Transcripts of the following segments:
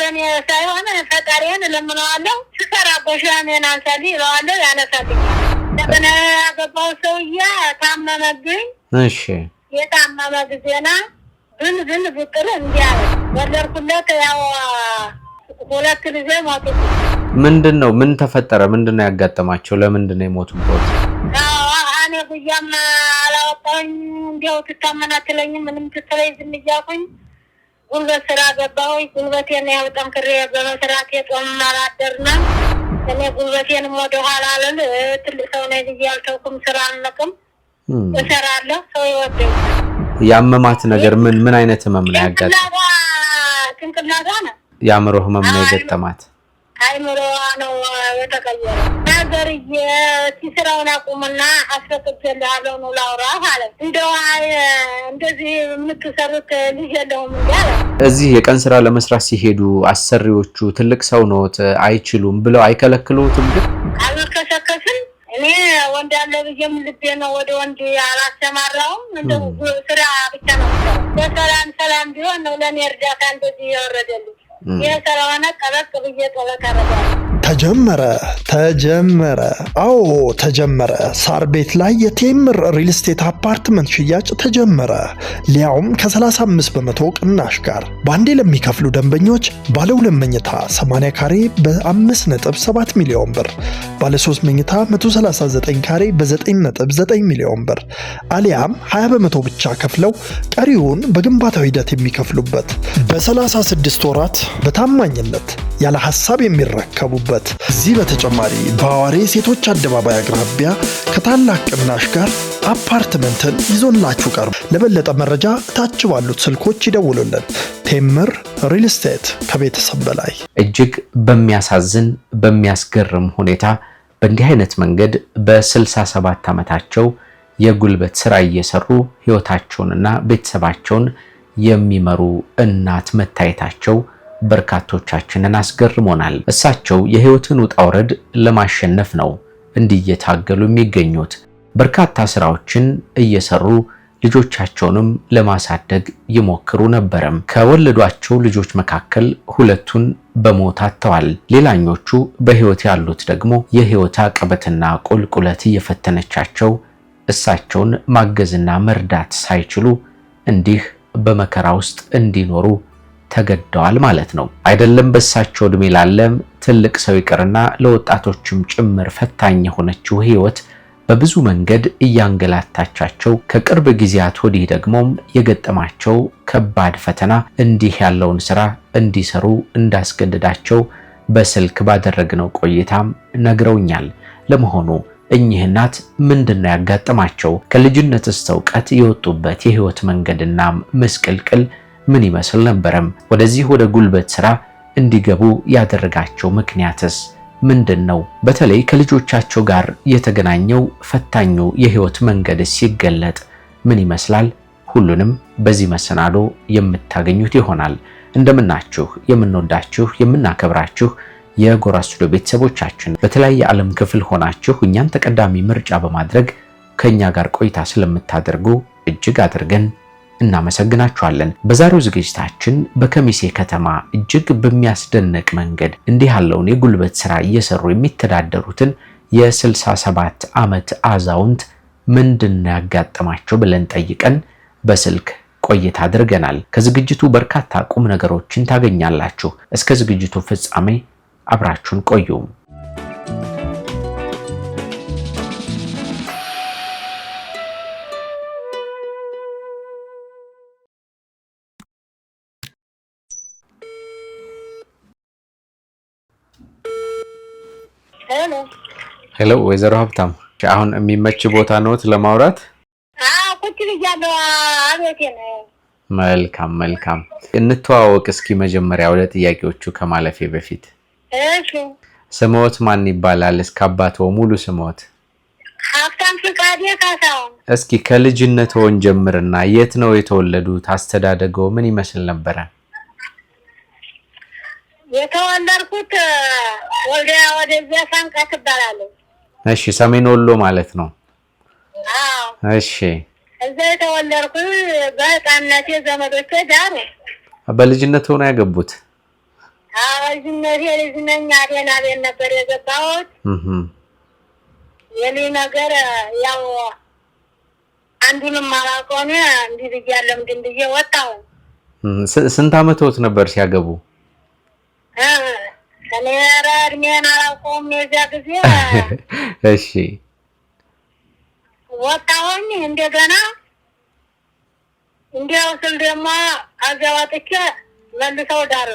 በኔ ሳይሆን ፈጣሪን እለምነዋለሁ። ስሰራ ቆሻሜን አንሳል እለዋለሁ፣ ያነሳልኝ። እንደገና ያገባው ሰውዬ ታመመብኝ። እሺ የታመመ ጊዜና ብን ብን ብቅል እንዲያለ ወለድኩለት። ያው ሁለት ጊዜ ሞቱ። ምንድን ነው ምን ተፈጠረ? ምንድን ነው ያጋጠማቸው? ለምንድን ነው የሞቱበት? እኔ ጉያም አላወጣኝ። እንዲያው ትታመናትለኝ ምንም ትትለኝ ዝም እያልኩኝ ጉልበት ስራ ገባሁኝ። ጉልበቴን ያው ጠንክሬ በመስራት የጾም አላደርና እኔ ጉልበቴንም ወደኋላ አልል። ትልቅ ሰው ነ ብዬ አልተውኩም። ስራ አልነቅም፣ እሰራለሁ። ሰው ይወደው። ያመማት ነገር ምን ምን አይነት ህመም ነው ያጋጠማት? ጭንቅላቷ ነው። የአእምሮ ህመም ነው የገጠማት። አይምሮዋ ነው የተቀየረ ነገርዬ። ሲስራውን አቁምና አስረክብልሃለሁ ነው ላውራ አለ። እንደው እንደዚህ የምትሰሩት ልጅ የለውም እንዲያለ እዚህ የቀን ስራ ለመስራት ሲሄዱ አሰሪዎቹ ትልቅ ሰው ነዎት አይችሉም ብለው አይከለክሉትም? ግን አልከሰከስም እኔ ወንድ ያለ ብዬም ልቤ ነው ወደ ወንድ አላሰማራውም። እንደው ስራ ብቻ ነው ሰላም ሰላም ቢሆን ነው ለእኔ እርዳታ እንደዚህ የወረደልኝ Yung karawana karat kabigyan wala karawana. ተጀመረ ተጀመረ። አዎ ተጀመረ። ሳር ቤት ላይ የቴምር ሪል ስቴት አፓርትመንት ሽያጭ ተጀመረ። ሊያውም ከ35 በመቶ ቅናሽ ጋር በአንዴ ለሚከፍሉ ደንበኞች ባለ ሁለት መኝታ 80 ካሬ በ5.7 ሚሊዮን ብር፣ ባለ 3 መኝታ 139 ካሬ በ9.9 ሚሊዮን ብር አሊያም 20 በመቶ ብቻ ከፍለው ቀሪውን በግንባታው ሂደት የሚከፍሉበት በ36 ወራት በታማኝነት ያለ ሀሳብ የሚረከቡበት መሰረት እዚህ በተጨማሪ በአዋሬ ሴቶች አደባባይ አቅራቢያ ከታላቅ ቅናሽ ጋር አፓርትመንትን ይዞላችሁ ቀርቡ። ለበለጠ መረጃ ታች ባሉት ስልኮች ይደውሉልን። ቴምር ሪል ስቴት ከቤተሰብ በላይ። እጅግ በሚያሳዝን በሚያስገርም ሁኔታ በእንዲህ አይነት መንገድ በ67 ዓመታቸው የጉልበት ስራ እየሰሩ ህይወታቸውንና ቤተሰባቸውን የሚመሩ እናት መታየታቸው በርካቶቻችንን አስገርሞናል። እሳቸው የህይወትን ውጣ ውረድ ለማሸነፍ ነው እንዲህ እየታገሉ የሚገኙት። በርካታ ስራዎችን እየሰሩ ልጆቻቸውንም ለማሳደግ ይሞክሩ ነበረም። ከወለዷቸው ልጆች መካከል ሁለቱን በሞት አጥተዋል። ሌላኞቹ በህይወት ያሉት ደግሞ የህይወት አቀበትና ቁልቁለት እየፈተነቻቸው እሳቸውን ማገዝና መርዳት ሳይችሉ እንዲህ በመከራ ውስጥ እንዲኖሩ ተገደዋል ማለት ነው። አይደለም በሳቸው እድሜ ላለም ትልቅ ሰው ይቅርና ለወጣቶችም ጭምር ፈታኝ የሆነችው ህይወት በብዙ መንገድ እያንገላታቻቸው ከቅርብ ጊዜያት ወዲህ ደግሞም የገጠማቸው ከባድ ፈተና እንዲህ ያለውን ስራ እንዲሰሩ እንዳስገደዳቸው በስልክ ባደረግነው ቆይታም ነግረውኛል። ለመሆኑ እኚህ እናት ምንድን ነው ያጋጠማቸው? ከልጅነት ስተውቀት እውቀት የወጡበት የህይወት መንገድና ምስቅልቅል ምን ይመስል ነበረም? ወደዚህ ወደ ጉልበት ስራ እንዲገቡ ያደረጋቸው ምክንያትስ ምንድን ነው? በተለይ ከልጆቻቸው ጋር የተገናኘው ፈታኙ የህይወት መንገድ ሲገለጥ ምን ይመስላል? ሁሉንም በዚህ መሰናዶ የምታገኙት ይሆናል። እንደምናችሁ የምንወዳችሁ የምናከብራችሁ የጎራ ስቱዲዮ ቤተሰቦቻችን በተለያየ ዓለም ክፍል ሆናችሁ እኛን ተቀዳሚ ምርጫ በማድረግ ከእኛ ጋር ቆይታ ስለምታደርጉ እጅግ አድርገን እናመሰግናችኋለን። በዛሬው ዝግጅታችን በከሚሴ ከተማ እጅግ በሚያስደንቅ መንገድ እንዲህ ያለውን የጉልበት ስራ እየሰሩ የሚተዳደሩትን የ67 ዓመት አዛውንት ምንድን ያጋጠማቸው ብለን ጠይቀን በስልክ ቆይታ አድርገናል። ከዝግጅቱ በርካታ ቁም ነገሮችን ታገኛላችሁ። እስከ ዝግጅቱ ፍጻሜ አብራችሁን ቆዩም? ሄሎ ወይዘሮ ሀብታም አሁን የሚመች ቦታ ነዎት ለማውራት? ቁጭ ብያለሁ። አቤቴ ነው። መልካም መልካም። እንተዋወቅ እስኪ መጀመሪያ ወደ ጥያቄዎቹ ከማለፌ በፊት ስምዎት ማን ይባላል? እስከ አባትዎ ሙሉ ስምዎት? ሀብታም ፍቃዴ ካሳሁን። እስኪ ከልጅነትዎን ጀምርና የት ነው የተወለዱት? አስተዳደገው ምን ይመስል ነበረ? የተወለድኩት ወልዲያ ወደዚያ ሳንቃ ትባላለች። እሺ፣ ሰሜን ወሎ ማለት ነው። እሺ፣ እዛ የተወለድኩ በህፃንነቴ ዘመዶቼ ዳሩ። በልጅነት ሆነ ያገቡት? ልጅነቴ ልጅ ነኝ አዴና ቤት ነበር የገባሁት። የኔ ነገር ያው አንዱንም አላውቀውም። እንዲህ ያለም ምንድን ብዬ ወጣሁ። ስንት አመት ነበር ሲያገቡ? ከሌረ እድሜን አላውቀውም። የዚያ ጊዜ እሺ ወጣሁኝ። እንደገና እንዲያው ስል ደግሞ ከዚያ ወጥቼ መልሰው ዳር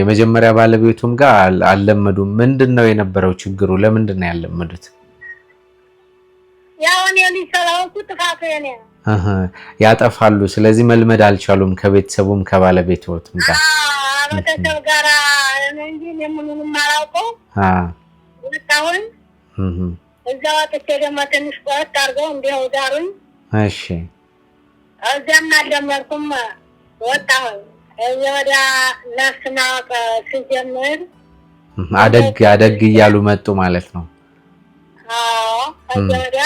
የመጀመሪያ ባለቤቱም ጋር አልለመዱም። ምንድን ነው የነበረው ችግሩ? ለምንድን ነው ያለመዱት? ያው እኔ ልጅ ስለሆንኩ ያጠፋሉ። ስለዚህ መልመድ አልቻሉም፣ ከቤተሰቡም ከባለቤትዎትም ጋር ከህብረተሰብ ጋር እንጂ የምኑንም አላውቀው እዛ ወጥቼ ደግሞ ትንሽ ቆየት አድርገው እንዲያው ዳሩኝ። እሺ እዚያም አልደመርኩም ወጣሁኝ። ወደ ነፍስ ማወቅ ስጀምር አደግ አደግ እያሉ መጡ ማለት ነው። አዎ እዚያ ወደ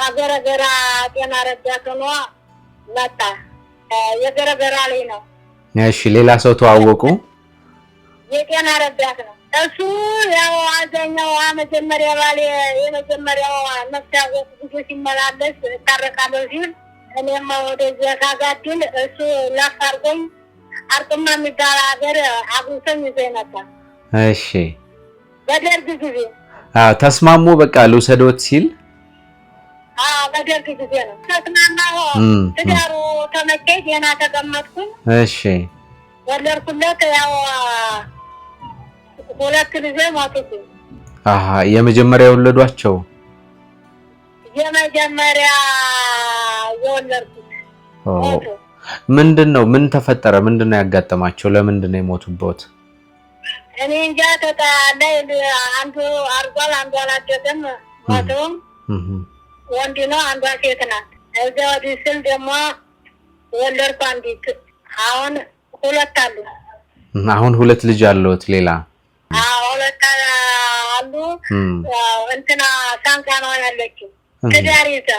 ሀገረ ገራ ጤና ረዳት ሆኖ መጣ። የገረገራ ላይ ነው እሺ ሌላ ሰው ተዋወቁ። የጤና ረዳት ነው እሱ። ያው አዘኛው መጀመሪያ ባል የመጀመሪያው መፍታወት ብዙ ሲመላለስ እታረቃለሁ ሲል እኔም ወደዚህ ካጋድል እሱ ላፍ አርጎኝ አርቅማ የሚባል ሀገር አጉርሰኝ ይዞ ይመጣል። እሺ በደርግ ጊዜ ተስማሙ። በቃ ልውሰዶት ሲል በደርግ ጊዜ ነው። ተስማማሁ። ትዳሩ ተመቸኝ። ገና ተቀመጥኩኝ። እሺ ወለድኩለት። ያው ሁለት ጊዜ ሞቱት አሀ የመጀመሪያ የወለዷቸው የመጀመሪያ የወለድኩት ምንድን ነው? ምን ተፈጠረ? ምንድን ነው ያጋጠማቸው? ለምንድን ነው የሞቱበት? እኔ እንጃ። ተጣላ። አንዱ አርጓል፣ አንዱ አላደገም። ሞተውም ወንድ ነው፣ አንዷ ሴት ናት። እዚያ ወዲህ ስል ደግሞ ወለድኩ አንዲት። አሁን ሁለት አሉ። አሁን ሁለት ልጅ አለሁት። ሌላ ሁለት አሉ። እንትና ሳንካ ነው ያለችው ትዳር ይዛ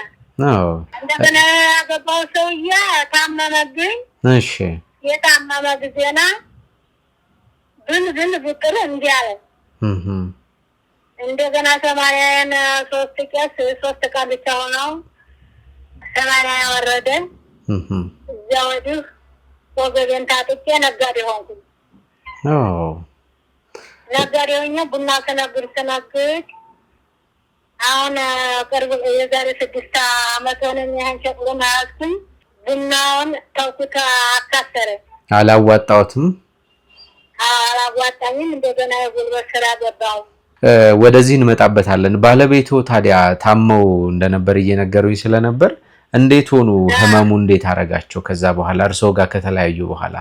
እንደገና ያገባው ሰውዬ ታመመብኝ። እሺ የታመመ ጊዜና ብን ብን ብቅር አለ እንደገና ሰማንያን ሶስት ቄስ ሶስት ቀን ብቻ ሆነው ሰማንያ ያወረደ እዚያ ወዲህ ወገቤን ታጥቄ ነጋዴ ሆንኩ። ነጋዴ ሆኜ ቡና ስነግድ ስነግድ አሁን ቅርብ የዛሬ ስድስት አመት ሆነኝ። ያህን ሸቅሎ ማያስኩኝ ቡናውን ተውኩት። አካሰረ አላዋጣሁትም፣ አላዋጣኝም። እንደገና የጉልበት ስራ ገባሁ። ወደዚህ እንመጣበታለን። ባለቤቶ ታዲያ ታመው እንደነበር እየነገሩኝ ስለነበር እንዴት ሆኑ? ህመሙ እንዴት አረጋቸው? ከዛ በኋላ እርሶ ጋር ከተለያዩ በኋላ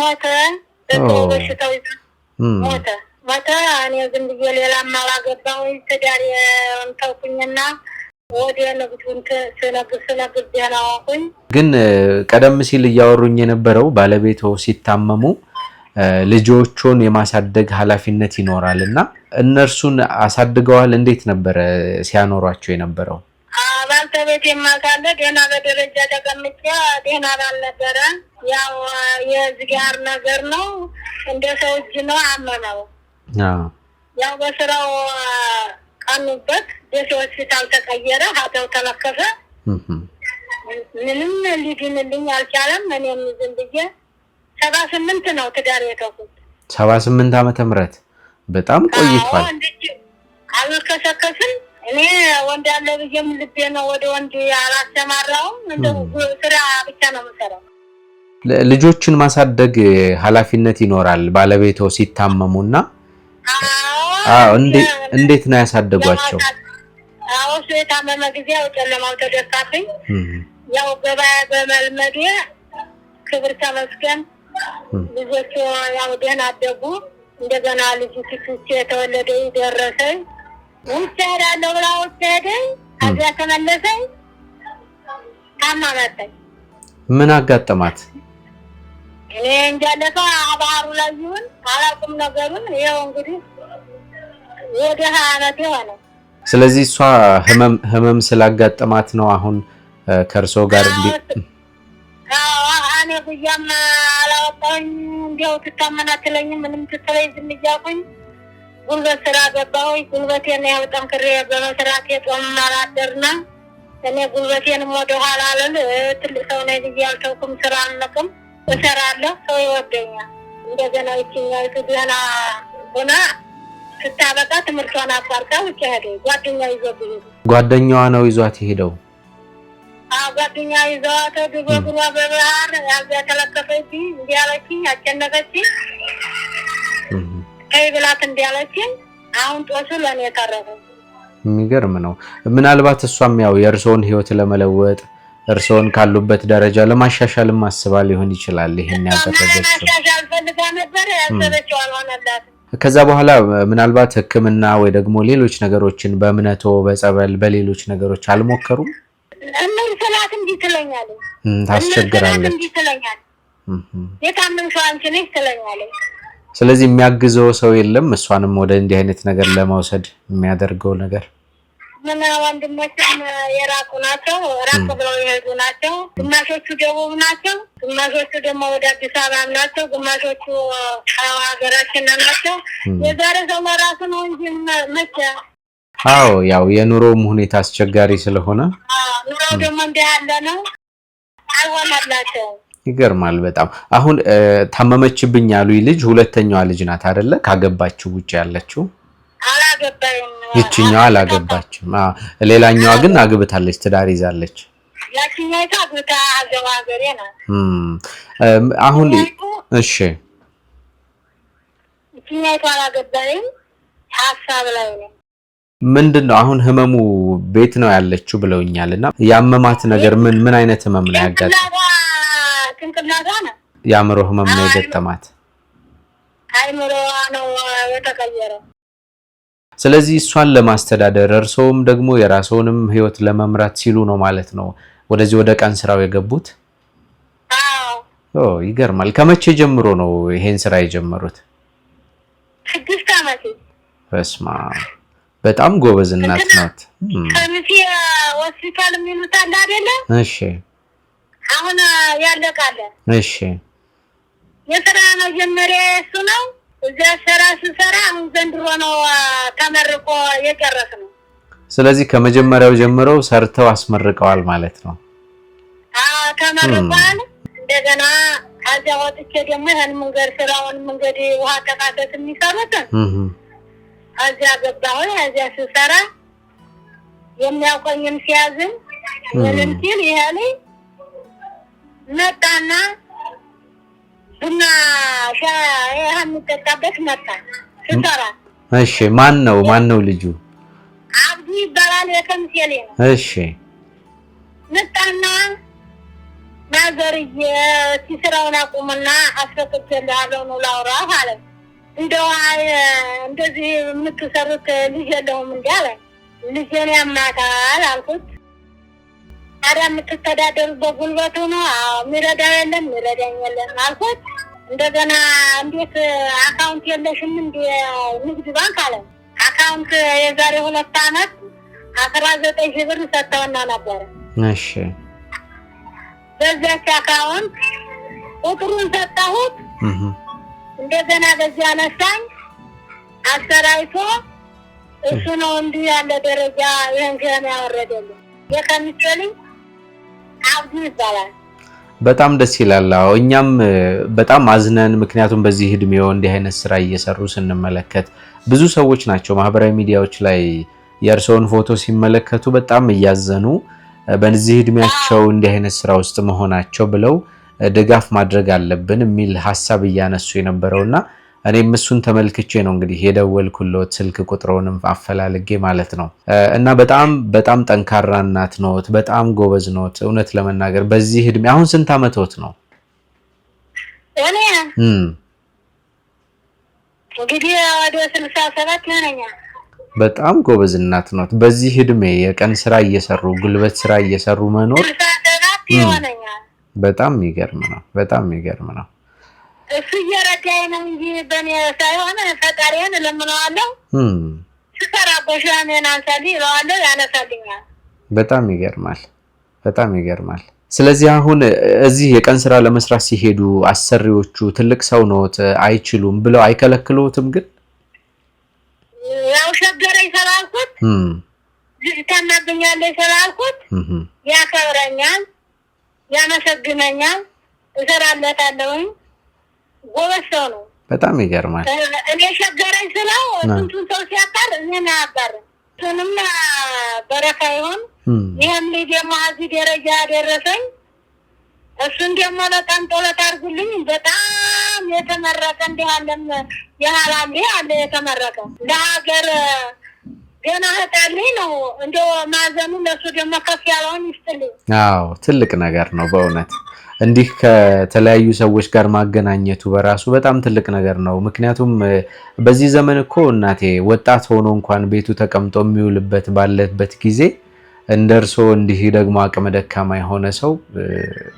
ሞተ። ሞተ ሞተ። እኔ ዝም ብዬ አላገባሁኝ። ትዳር ተውኩኝና ወደ ንግዱን ስነግር ስነግር ግን ቀደም ሲል እያወሩኝ የነበረው ባለቤቶ ሲታመሙ ልጆቹን የማሳደግ ኃላፊነት ይኖራል እና እነርሱን አሳድገዋል። እንዴት ነበረ ሲያኖሯቸው የነበረው? ባልተቤት የማካለ ደህና በደረጃ ተቀምጫ ደህና ባልነበረ ያው የዝጋር ነገር ነው። እንደ ሰው እጅ ነው አመመው። ያው በስራው ቀኑበት ደሴ ሆስፒታል ተቀየረ። ሀተው ተለከፈ። ምንም ሊድንልኝ አልቻለም። እኔም ዝም ብዬ ሰባ ስምንት ነው ትዳር የገቡት ሰባ ስምንት ዓመተ ምህረት በጣም ቆይቷል። አልከሰከስም። እኔ ወንድ አለ ብዬም ልቤ ነው ወደ ወንድ አላስተማራውም። ስራ ብቻ ነው የምሰራው። ልጆችን ማሳደግ ኃላፊነት ይኖራል። ባለቤቶ ሲታመሙና እንዴት ነው ያሳደጓቸው? አዎ እሱ የታመመ ጊዜ ያው ጨለማው ተደፋብኝ። ያው በባያ በመልመዴ ክብር ተመስገን ልጆቹ ያው ደህና አደጉ። እንደገና ልጅ ፊት የተወለደ ደረሰኝ ውጭ ሄዳለሁ ብላ ውጭ ሄደኝ፣ አዚያ ተመለሰኝ። ታማ መጣኝ። ምን አጋጠማት? እኔ እንጃለፋ አባሩ ላይ ይሁን አላውቅም ነገሩን። ይኸው እንግዲህ ወደ ሀያ አመት ሆነ። ስለዚህ እሷ ህመም ስላጋጠማት ነው አሁን ከእርሶ ጋር እንዲ እኔ ጉያም እንዲያው ምንም ትትለኝ ዝም እያልኩኝ ጉልበት ስራ ገባሁኝ። ጉልበቴን ያው ጠንክሬ በመስራት የጦም አላደርና እኔ ጉልበቴንም ወደኋላ አልል። ትልቅ ሰው ነኝ ብዬ አልተውኩም። ስራ አልነቅም፣ እሰራለሁ። ሰው ይወደኛል። እንደገና ገና ሆና ስታበቃ ትምህርቷን አቋርጣ ውጭ ሄደ። ጓደኛ ይዞ ጓደኛዋ ነው ይዟት ይሄደው ጓደኛ ይዘዋት ድሮ ግሯ በባህር ያዘ ተለከፈችኝ እንዲያለችኝ አጨነቀችኝ። ተይ ብላት እንዲያለችኝ አሁን ጦሱ ለእኔ የተረፈ የሚገርም ነው። ምናልባት እሷም ያው የእርስዎን ህይወት ለመለወጥ እርስዎን ካሉበት ደረጃ ለማሻሻል አስባ ሊሆን ይችላል። ይሄን ያደረገችው ፈልጋ ነበር ያሰበችው አልሆነላትም። ከዛ በኋላ ምናልባት ሕክምና ወይ ደግሞ ሌሎች ነገሮችን በእምነቶ በጸበል በሌሎች ነገሮች አልሞከሩም? እምር ስላት እንዲህ ትለኛለች፣ ታስቸግራለች። የታመምሽው አንቺ ነሽ ትለኛለች። ስለዚህ የሚያግዘው ሰው የለም። እሷንም ወደ እንዲህ አይነት ነገር ለመውሰድ የሚያደርገው ነገር ምን ወንድሞችም የራቁ ናቸው፣ ራቅ ብለው የሄዱ ናቸው። ግማሾቹ ደቡብ ናቸው፣ ግማሾቹ ደግሞ ወደ አዲስ አበባ ናቸው፣ ግማሾቹ ሀገራችን ናቸው። የዛሬ ሰው ለራሱ ነው እንጂ መቼ አዎ ያው የኑሮውም ሁኔታ አስቸጋሪ ስለሆነ ኑሮው ደግሞ እንዲህ ያለ ነው። አይሆንላቸው ይገርማል። በጣም አሁን ታመመችብኝ ያሉኝ ልጅ ሁለተኛዋ ልጅ ናት አይደለ? ካገባችሁ ውጭ ያለችው ይችኛዋ አላገባችም። ሌላኛዋ ግን አግብታለች፣ ትዳር ይዛለች። አሁን እሺ ይችኛዋ አላገባኝም ሀሳብ ላይ ነው ምንድን ነው አሁን ህመሙ ቤት ነው ያለችው ብለውኛል። እና ያመማት ነገር ምን ምን አይነት ህመም ነው ያጋጠ የአእምሮ ህመም ነው የገጠማት። ስለዚህ እሷን ለማስተዳደር እርሰውም ደግሞ የራስውንም ህይወት ለመምራት ሲሉ ነው ማለት ነው ወደዚህ ወደ ቀን ስራው የገቡት። ይገርማል። ከመቼ ጀምሮ ነው ይሄን ስራ የጀመሩት? ስድስት ዓመት በስማ በጣም ጎበዝ እናት ናት። ከሚሴ ሆስፒታል የሚሉት አለ አይደለ? እሺ፣ አሁን ያለቃለ። እሺ፣ የስራ መጀመሪያ የሱ ነው። እዚያ ስራ ስንሰራ አሁን ዘንድሮ ነው ተመርቆ የጨረስ ነው። ስለዚህ ከመጀመሪያው ጀምረው ሰርተው አስመርቀዋል ማለት ነው። ተመርቋል። እንደገና ከዚያ ወጥቼ ደግሞ ይህን መንገድ ስራውን መንገድ ውሃ ተቃደት የሚሰሩትን እዚያ ገባሁኝ። እዚያ ስሰራ የሚያውቀኝም ሲያዝን ምንም ሲል ይሄ መጣና ቡና መጣ ስሰራ። እሺ ማን ነው ማን ነው ልጁ? አብዱ ይባላል። የከምሴ ነው። እሺ መጣና ናዘርዬ እስኪ አቁምና አስረክቼልሃለሁ ኑ ላውራህ እንደው እንደዚህ የምትሰሩት ልጅ የለውም እንዲ አለ። ልጄን ያማታል አልኩት። ታዲያ የምትተዳደሩበት ጉልበቱ ነው? አዎ። የሚረዳው የለም፣ የሚረዳኝ የለም አልኩት። እንደገና እንዴት አካውንት የለሽም እንደ ንግድ ባንክ አለ። አካውንት የዛሬ ሁለት አመት አስራ ዘጠኝ ሺህ ብር ሰጥተውና ነበረ። እሺ በዚያች አካውንት ቁጥሩን ሰጠሁት። እንደገና በዚህ አነሳኝ አሰራይቶ እሱ ነው እንዲህ ያለ ደረጃ ይህን ያወረደልኝ። የከሚቸልኝ አብዱ ይባላል። በጣም ደስ ይላል። እኛም በጣም አዝነን፣ ምክንያቱም በዚህ እድሜው እንዲህ አይነት ስራ እየሰሩ ስንመለከት ብዙ ሰዎች ናቸው ማህበራዊ ሚዲያዎች ላይ የእርስዎን ፎቶ ሲመለከቱ በጣም እያዘኑ በዚህ እድሜያቸው እንዲህ አይነት ስራ ውስጥ መሆናቸው ብለው ድጋፍ ማድረግ አለብን የሚል ሀሳብ እያነሱ የነበረው እና እኔም እሱን ተመልክቼ ነው እንግዲህ የደወልኩለት ስልክ ቁጥሮንም አፈላልጌ ማለት ነው። እና በጣም በጣም ጠንካራ እናት ኖት፣ በጣም ጎበዝ ኖት። እውነት ለመናገር በዚህ እድሜ አሁን ስንት አመቶት ነው? በጣም ጎበዝ እናት ኖት። በዚህ እድሜ የቀን ስራ እየሰሩ ጉልበት ስራ እየሰሩ መኖር በጣም የሚገርም ነው። በጣም የሚገርም ነው። እሱ እየረዳኝ ነው እንጂ በእኔ ሳይሆን ፈጣሪን እለምነዋለሁ። ስሰራ ጎሻሜን አንሳል እለዋለሁ፣ ያነሳልኛል። በጣም ይገርማል። በጣም ይገርማል። ስለዚህ አሁን እዚህ የቀን ስራ ለመስራት ሲሄዱ አሰሪዎቹ ትልቅ ሰው ነዎት አይችሉም ብለው አይከለክሉትም? ግን ያው ሸገረኝ ስላልኩት ልጅ ታናብኛለች ስላልኩት ያከብረኛል ያመሰግነኛል፣ እሰራለታለሁኝ። ጎበዝ ሰው ነው። በጣም ይገርማል። እኔ ሸገረኝ ስለው ስንቱን ሰው ሲያጣር እኔን አያጣርም። ስንም በረካ ይሆን። ይህም ልጅ ደግሞ እዚህ ደረጃ ያደረሰኝ እሱን ደግሞ በጣም ጸሎት አድርጉልኝ። በጣም የተመረቀ እንዲህ አለም የሀላ እንዲህ አለ የተመረቀ ለሀገር ገና ነው ማዘኑ ለሱ ደግሞ ከፍ ያለውን ይስጥልኝ። አዎ ትልቅ ነገር ነው በእውነት እንዲህ ከተለያዩ ሰዎች ጋር ማገናኘቱ በራሱ በጣም ትልቅ ነገር ነው። ምክንያቱም በዚህ ዘመን እኮ እናቴ ወጣት ሆኖ እንኳን ቤቱ ተቀምጦ የሚውልበት ባለበት ጊዜ እንደ እርስዎ እንዲህ ደግሞ አቅመ ደካማ የሆነ ሰው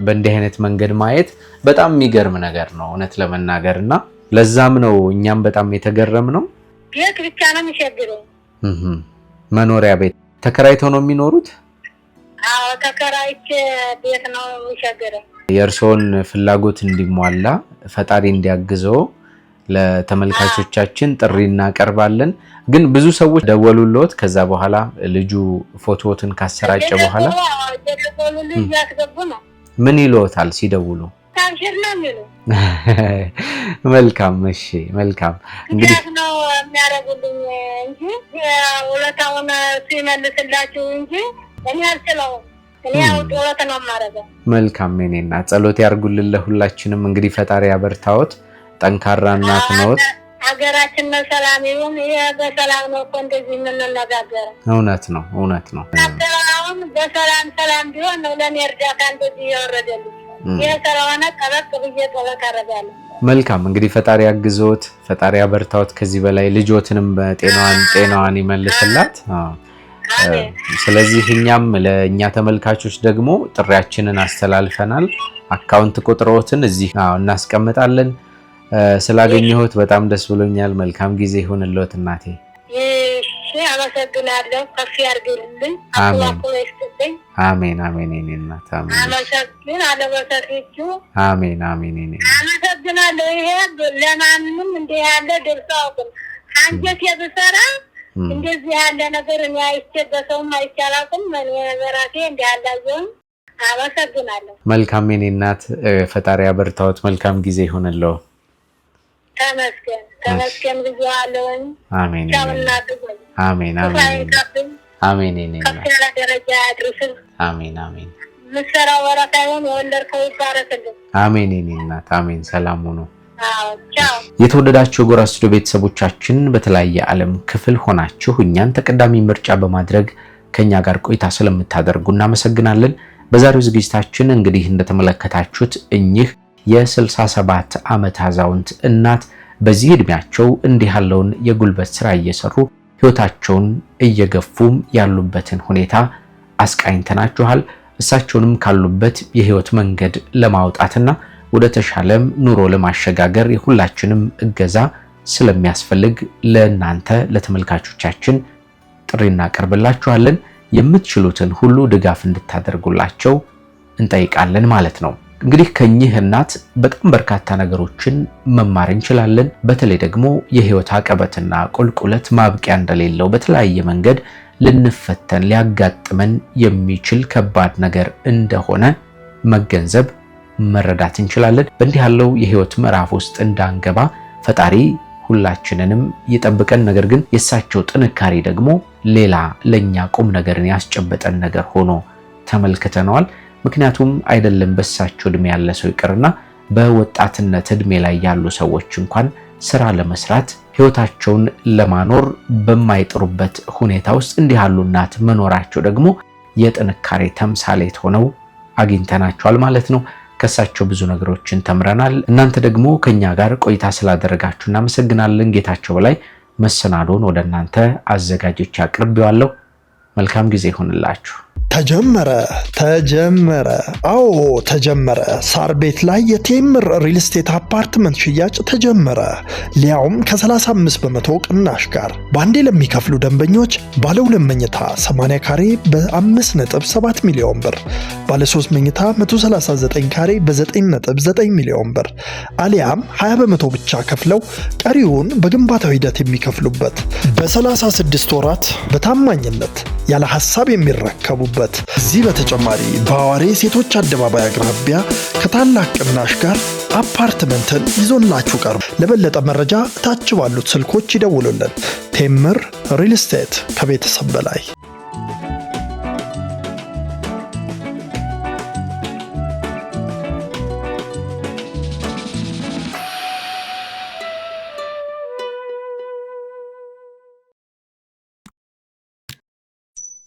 በእንዲህ አይነት መንገድ ማየት በጣም የሚገርም ነገር ነው እውነት ለመናገር እና ለዛም ነው እኛም በጣም የተገረም ነው። ቤት ብቻ ነው የሚቸግረው መኖሪያ ቤት ተከራይተው ነው የሚኖሩት? አዎ ተከራይቼ ቤት ነው የሚሸገረው። የእርስዎን ፍላጎት እንዲሟላ ፈጣሪ እንዲያግዘው ለተመልካቾቻችን ጥሪ እናቀርባለን። ግን ብዙ ሰዎች ደወሉልዎት? ከዛ በኋላ ልጁ ፎቶዎትን ካሰራጨ በኋላ ምን ይልዎታል ሲደውሉ? መልካም እሺ፣ መልካም እንግዲህ ነው የሚያደርጉልኝ እንጂ ውለታውን ሲመልስላችሁ እንጂ እኔ አልችለውም። እኔ ውለት ነው የማደርገው። መልካም ኔና ጸሎት ያርጉልን ለሁላችንም። እንግዲህ ፈጣሪ ያበርታዎት፣ ጠንካራ እናት ነዎት። ሀገራችን በሰላም ይሁን። ይህ በሰላም ነው እኮ እንደዚህ የምንነጋገረው። እውነት ነው፣ እውነት ነው። አሁን በሰላም ሰላም ቢሆን ነው ለእኔ እርዳታ እንደዚህ የወረደልኝ መልካም እንግዲህ ፈጣሪ አግዞት ፈጣሪ አበርታዎት ከዚህ በላይ ልጆትንም ጤናዋን ጤናዋን ይመልስላት። ስለዚህ እኛም ለእኛ ተመልካቾች ደግሞ ጥሪያችንን አስተላልፈናል። አካውንት ቁጥሮትን እዚህ እናስቀምጣለን። ስላገኘሁት በጣም ደስ ብሎኛል። መልካም ጊዜ ይሁንልዎት እናቴ። አመሰግናለሁ። ከፍ ያድርግልኝ። አሜን አሜን። የእኔ እናት አመሰግን አለበሰፊቹ አሜን አሜን። የእኔ አመሰግናለሁ። ይሄ ለማንም እንዲህ ያለ ደርሶ አውቅም። አንጀት የብሰራ እንደዚህ ያለ ነገር እኔ አይቼ በሰውም አይቼ እኔ በራሴ እንዲህ አላየሁም። አመሰግናለሁ። መልካም የእኔ እናት፣ ፈጣሪ አበርታዎት። መልካም ጊዜ ይሆንልዎ። ተመስገን ተመስገን። ብዙ አለውኝ ሰውና አሜን አሜን አሜን ደረጃ ያድርስን። አሜን አሜን ምሰራ ወራ ሳይሆን ወንደር ይባረክልን። አሜን የኔ እናት አሜን። ሰላም ሁኑ። የተወደዳችሁ ጎራ ስቱዲዮ ቤተሰቦቻችን በተለያየ ዓለም ክፍል ሆናችሁ እኛን ተቀዳሚ ምርጫ በማድረግ ከኛ ጋር ቆይታ ስለምታደርጉ እናመሰግናለን። በዛሬው ዝግጅታችን እንግዲህ እንደተመለከታችሁት እኚህ የ67 ዓመት አዛውንት እናት በዚህ እድሜያቸው እንዲህ ያለውን የጉልበት ስራ እየሰሩ ህይወታቸውን እየገፉም ያሉበትን ሁኔታ አስቃኝተናችኋል። እሳቸውንም ካሉበት የህይወት መንገድ ለማውጣትና ወደ ተሻለም ኑሮ ለማሸጋገር የሁላችንም እገዛ ስለሚያስፈልግ ለእናንተ ለተመልካቾቻችን ጥሪ እናቀርብላችኋለን። የምትችሉትን ሁሉ ድጋፍ እንድታደርጉላቸው እንጠይቃለን ማለት ነው። እንግዲህ ከኚህ እናት በጣም በርካታ ነገሮችን መማር እንችላለን። በተለይ ደግሞ የህይወት አቀበትና ቁልቁለት ማብቂያ እንደሌለው በተለያየ መንገድ ልንፈተን ሊያጋጥመን የሚችል ከባድ ነገር እንደሆነ መገንዘብ መረዳት እንችላለን። በእንዲህ ያለው የህይወት ምዕራፍ ውስጥ እንዳንገባ ፈጣሪ ሁላችንንም የጠብቀን። ነገር ግን የእሳቸው ጥንካሬ ደግሞ ሌላ ለእኛ ቁም ነገርን ያስጨበጠን ነገር ሆኖ ተመልክተነዋል። ምክንያቱም አይደለም በሳቸው እድሜ ያለ ሰው ይቅርና በወጣትነት እድሜ ላይ ያሉ ሰዎች እንኳን ስራ ለመስራት ህይወታቸውን ለማኖር በማይጥሩበት ሁኔታ ውስጥ እንዲህ ያሉ እናት መኖራቸው ደግሞ የጥንካሬ ተምሳሌት ሆነው አግኝተናቸዋል ማለት ነው። ከሳቸው ብዙ ነገሮችን ተምረናል። እናንተ ደግሞ ከኛ ጋር ቆይታ ስላደረጋችሁ እናመሰግናለን። ጌታቸው በላይ መሰናዶን ወደ እናንተ አዘጋጆች አቅርቤዋለሁ። መልካም ጊዜ ይሆንላችሁ። ተጀመረ ተጀመረ። አዎ ተጀመረ። ሳር ቤት ላይ የቴምር ሪል ስቴት አፓርትመንት ሽያጭ ተጀመረ። ሊያውም ከ35 በመቶ ቅናሽ ጋር በአንዴ ለሚከፍሉ ደንበኞች ባለ ሁለት መኝታ 80 ካሬ በ5.7 ሚሊዮን ብር፣ ባለ 3 መኝታ 139 ካሬ በ9.9 ሚሊዮን ብር አሊያም 20 በመቶ ብቻ ከፍለው ቀሪውን በግንባታው ሂደት የሚከፍሉበት በ36 ወራት በታማኝነት ያለ ሀሳብ የሚረከቡበት መሰረት እዚህ በተጨማሪ በአዋሬ ሴቶች አደባባይ አቅራቢያ ከታላቅ ቅናሽ ጋር አፓርትመንትን ይዞላችሁ ቀርቡ። ለበለጠ መረጃ ታች ባሉት ስልኮች ይደውሉልን። ቴምር ሪል ስቴት ከቤተሰብ በላይ